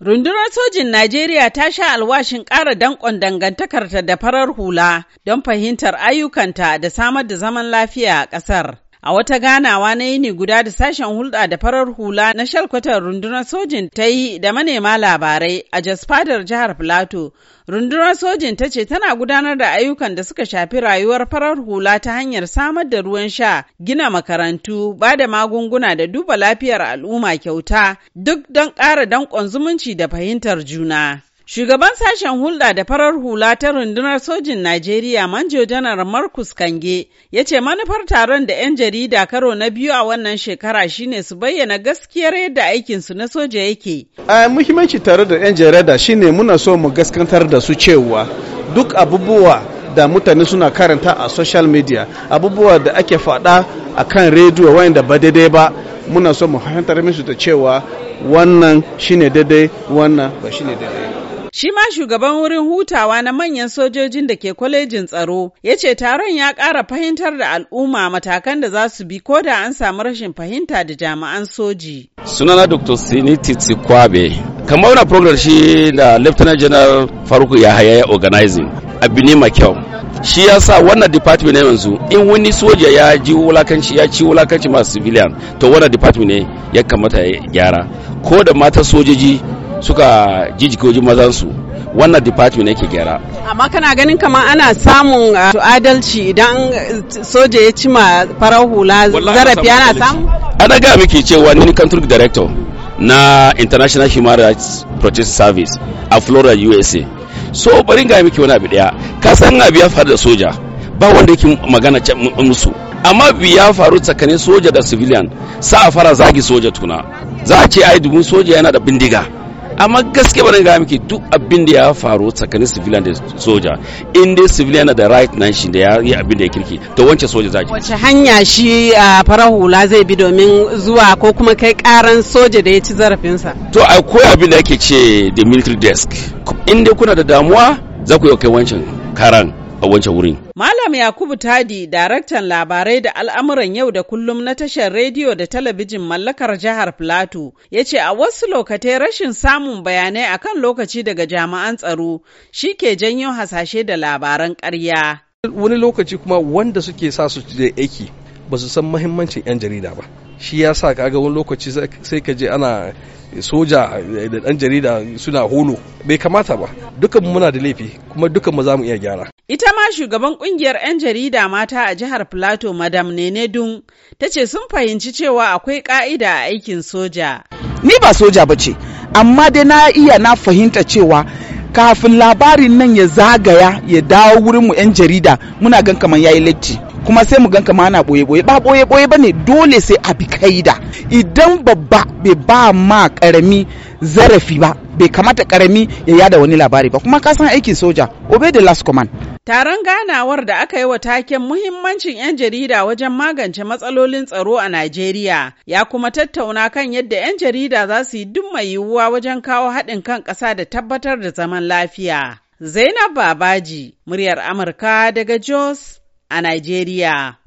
Rundunar sojin Najeriya ta sha alwashin ƙara danƙon dangantakarta da farar hula don fahimtar ayyukanta da samar da zaman lafiya a ƙasar. A wata ganawa na yini guda da sashen hulɗa da farar hula na shalkwatar rundunar sojin ta yi da manema labarai a jasfadar jihar Filato, rundunar sojin ta ce tana gudanar da ayyukan da suka shafi rayuwar farar hula ta hanyar samar da ruwan sha, gina makarantu, ba da magunguna da duba lafiyar al'umma kyauta duk don ƙara danƙon zumunci da fahimtar juna. Shugaban sashen hulɗa da farar hula ta rundunar sojin Najeriya Manjo Janar Markus Kange ya ce manufar taron da 'yan jarida karo na biyu a wannan shekara shine su bayyana gaskiyar yadda aikinsu na soja yake. A muhimmanci tare da 'yan jarida shine muna so mu gaskantar da su cewa duk abubuwa da mutane suna karanta a social media abubuwa da ake faɗa a kan rediyo wayanda ba daidai ba muna so mu fahimtar musu da cewa wannan shine daidai wannan ba shine daidai Shi ma shugaban wurin hutawa na manyan sojojin da ke kwalejin tsaro ya ce taron ya ƙara fahimtar da al'umma matakan da za su bi ko da an samu rashin fahimta da jami'an soji. Sunana Dr. Siniti Tsikwabe. Kamar wani program shi da Lieutenant General ya haya ya organizing abu ne mai kyau. shi ya sa wannan department ne yanzu in wani soja ya ji wulakanci ya ci wulakanci masu civilian to wannan department ne ya kamata ya gyara ko da mata sojoji suka jijike wajen mazansu wannan department yake gyara amma kana ganin kama ana samun ah, adalci idan soja ya cima farar hula zarafi ana samu ana ga muke cewa ni country director na international human rights protest service a florida usa so bari ga miki wani abu daya ka san abu ya faru da soja ba wanda yake magana musu amma bi ya faru tsakanin soja da civilian sa a fara zagi soja tuna za a ce ai dubin soja yana da bindiga amma gaske ba ga miki duk abin da ya faru tsakanin civilian da soja in dai civilian na da right nan shi da ya yi abin da ya kirki to wancan soja za ki wace hanya shi a farar hula zai bi domin zuwa ko kuma kai karan soja da ya ci zarafinsa to akwai abin da yake ce the military desk in dai kuna da damuwa za ku yi kai wancan karan a wancan wurin. Malam Yakubu Tadi, daraktan labarai da al'amuran yau da kullum na tashar rediyo da talabijin mallakar jihar Filato, ya ce a wasu lokatai rashin samun bayanai akan lokaci daga jami'an tsaro shi ke janyo hasashe da labaran ƙarya. Wani lokaci kuma wanda suke sa su je aiki ba su san mahimmancin 'yan jarida ba. Shi ya sa kaga wani lokaci sai ka je ana soja da ɗan jarida suna holo bai kamata ba dukan muna da laifi kuma dukan mu za mu iya gyara Ita ma shugaban kungiyar 'yan jarida mata a jihar Filato Madam Nene Dun ta ce sun fahimci cewa akwai ka'ida a aikin soja. Ni ba soja ba ce, amma dai na iya na fahimta cewa kafin labarin nan ya zagaya ya dawo wurin mu 'yan jarida muna gan kamar yayi latti. kuma sai mu gan kamar ana boye boye ba boye boye ne dole sai a bi kaida idan babba bai ba ma karami zarafi ba bai kamata karami ya yada wani labari ba kuma ka san aikin soja obey the last command Taron ganawar da aka yi wa taken muhimmancin 'yan jarida wajen magance matsalolin tsaro a Najeriya ya kuma tattauna kan yadda 'yan jarida za su yi duk mai yiwuwa wajen kawo haɗin kan ƙasa da tabbatar da zaman lafiya. Zainab Babaji, muryar Amurka daga Jos a Najeriya.